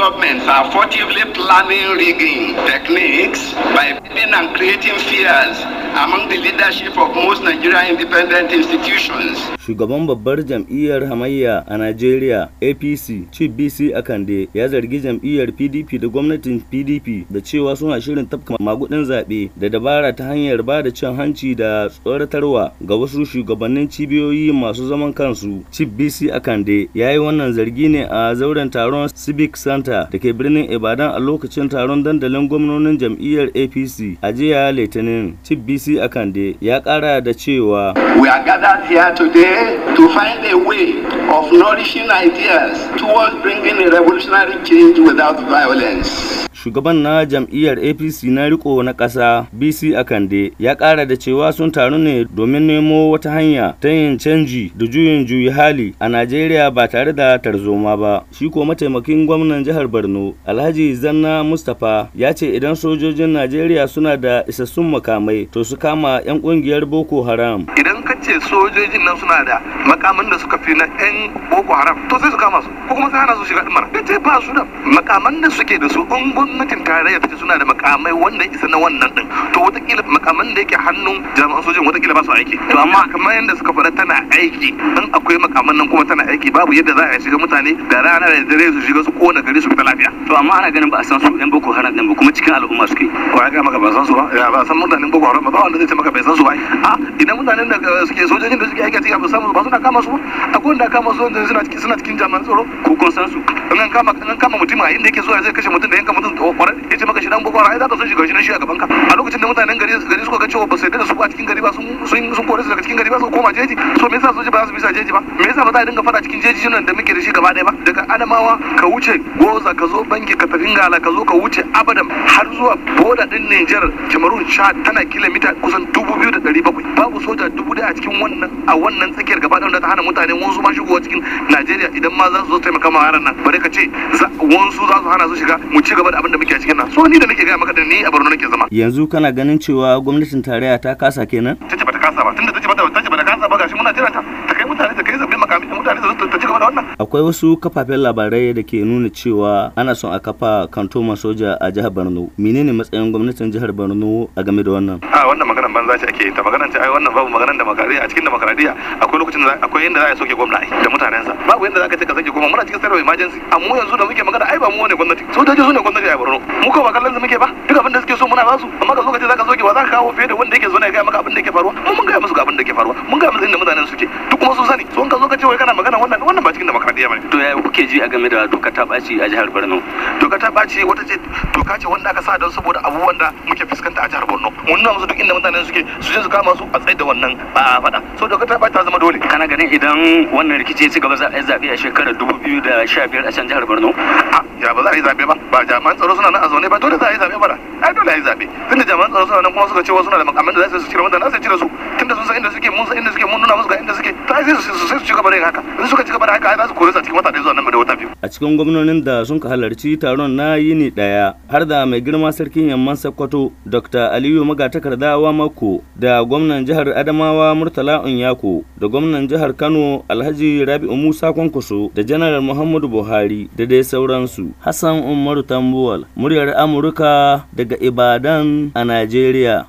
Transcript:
governments are furtively planning rigging techniques by building and creating fears among the leadership of most Nigerian independent institutions. Shugaban babbar jam'iyyar hamayya a Najeriya APC Chief BC Akande ya zargi jam'iyyar PDP da gwamnatin PDP da cewa suna shirin tafka magudin zaɓe da dabara ta hanyar ba da cin hanci da tsoratarwa ga wasu shugabannin cibiyoyi masu zaman kansu. Chief BC Akande ya yi wannan zargi ne a zauren taron Civic Center gabata da ke birnin Ibadan a lokacin taron dandalin gwamnonin jam'iyyar APC a jiya Litinin Chief BC Akande ya kara da cewa We are gathered here today to find a way of nourishing ideas towards bringing a revolutionary change without violence. shugaban na jam'iyyar apc na riko na ƙasa bc akande ya ƙara da cewa sun taru ne domin nemo wata hanya ta yin canji da juyin juyi hali a najeriya ba tare da tarzoma ba shi ko mataimakin gwamnan jihar borno alhaji zanna mustapha ya ce idan sojojin najeriya suna da isassun makamai to su kama 'yan ƙungiyar boko haram idan ce sojojin nan suna da makaman da suka fi na yan boko haram to sai su kama su ko kuma sai hana su shiga dimar ita ce ba su da makaman da suke da su in gwamnatin tarayya ta ce suna da makamai wanda isa na wannan din to watakila makaman da yake hannun jami'an wata watakila ba su aiki to amma kamar yadda suka faɗa tana aiki in akwai makaman nan kuma tana aiki babu yadda za a shiga mutane da rana da dare su shiga su kona gari su fita lafiya to amma ana ganin ba a san su yan boko haram din ba kuma cikin al'umma suke ko ya ga maka ba san su ba ba san mutanen boko haram ba wanda zai ce maka bai san su ba a ah, idan mutanen da eh, suke sojojin da suke aiki a cikin samu ba suna kama su akwai wanda kama su wanda suna cikin suna cikin jami'an tsaro ko kun san su in an kama in an kama mutum a inda yake zuwa zai kashe mutum da yanka mutum kwarar dan bufar ai za ta so shiga shi na shi a gaban ka a lokacin da mutanen gari gari suka ga cewa ba su yarda da su a cikin gari ba sun sun kore su daga cikin gari ba su koma jeji so me yasa soji ba su bisa jeji ba me yasa ba za a dinga fada cikin jeji nan da muke da shi gaba daya ba daga adamawa ka wuce goza ka zo banki ka tafi ngala ka zo ka wuce abadan har zuwa boda din Niger Cameroon sha tana kilomita kusan bakwai babu soja dubu a cikin wannan a wannan tsakiyar gaba daya da ta hana mutane wasu ma shigowa cikin Najeriya idan ma za su zo taimaka ma yaran nan bare ka ce wasu za su hana su shiga mu ci gaba da abin da muke a cikin nan so ni inda nake gaya maka da ni a Borno nake zama yanzu kana ganin cewa gwamnatin tarayya ta kasa kenan ta tunda tace bata tace bata kansa ba gashi muna jiran ta ta kai mutane ta kai zabe makami mutane su ta ci gaba da wannan akwai wasu kafafen labarai da ke nuna cewa ana son a kafa kantoman soja a jihar Borno menene matsayin gwamnatin jihar Borno a game da wannan a wannan maganar banza ce ake ta maganar ce ai wannan babu maganar demokradiyya a cikin demokradiyya akwai lokacin da akwai yanda za a soke gwamnati da mutanensa babu yanda za ka ce ka zage goma muna cikin sarrafa emergency amma yanzu da muke magana ai ba mu ne gwamnati sojoji su ne gwamnati a Borno mu ko ba kallon su muke ba duk abin da suke so muna ba su amma ka zo ka ce za ka soke ba za ka kawo fiye da wanda yake zo ne ga maka abin da yake faruwa mun ga su ga abin da ke faruwa mun ga matsayin da mutanen suke duk kuma sun sani so in ka zo ka ce wai kana magana wannan wannan ba cikin demokradiyya bane to yaya kuke ji a game da doka ta ɓaci a jihar Borno doka ta ɓaci wata ce doka ce wanda aka sa don saboda abubuwan da muke fuskanta a jihar Borno mun nuna musu duk inda mutanen suke su je su kama su a tsaye da wannan ba faɗa so doka ta ɓaci ta zama dole kana ganin idan wannan rikici ya ci gaba za a yi zaɓe a shekarar 2015 a can jihar Borno a ya ba za a yi zaɓe ba ba jami'an tsaro suna nan a zaune ba dole suna nan kuma suka ce wasu na da makamin da za su cire wanda na su cire su sun san inda suke mun san inda suke a cikin wata da gwamnonin da sun ka halarci taron na yini daya har da mai girma sarkin yamman Sokoto Dr. Aliyu Magatakarda Wamako da gwamnan jihar Adamawa Murtala Unyako da gwamnan jihar Kano Alhaji Rabi'u Musa Kwankwaso da Janaral Muhammadu Buhari da dai sauransu Hassan Umaru Tambuwal muryar Amurka daga Ibadan a Najeriya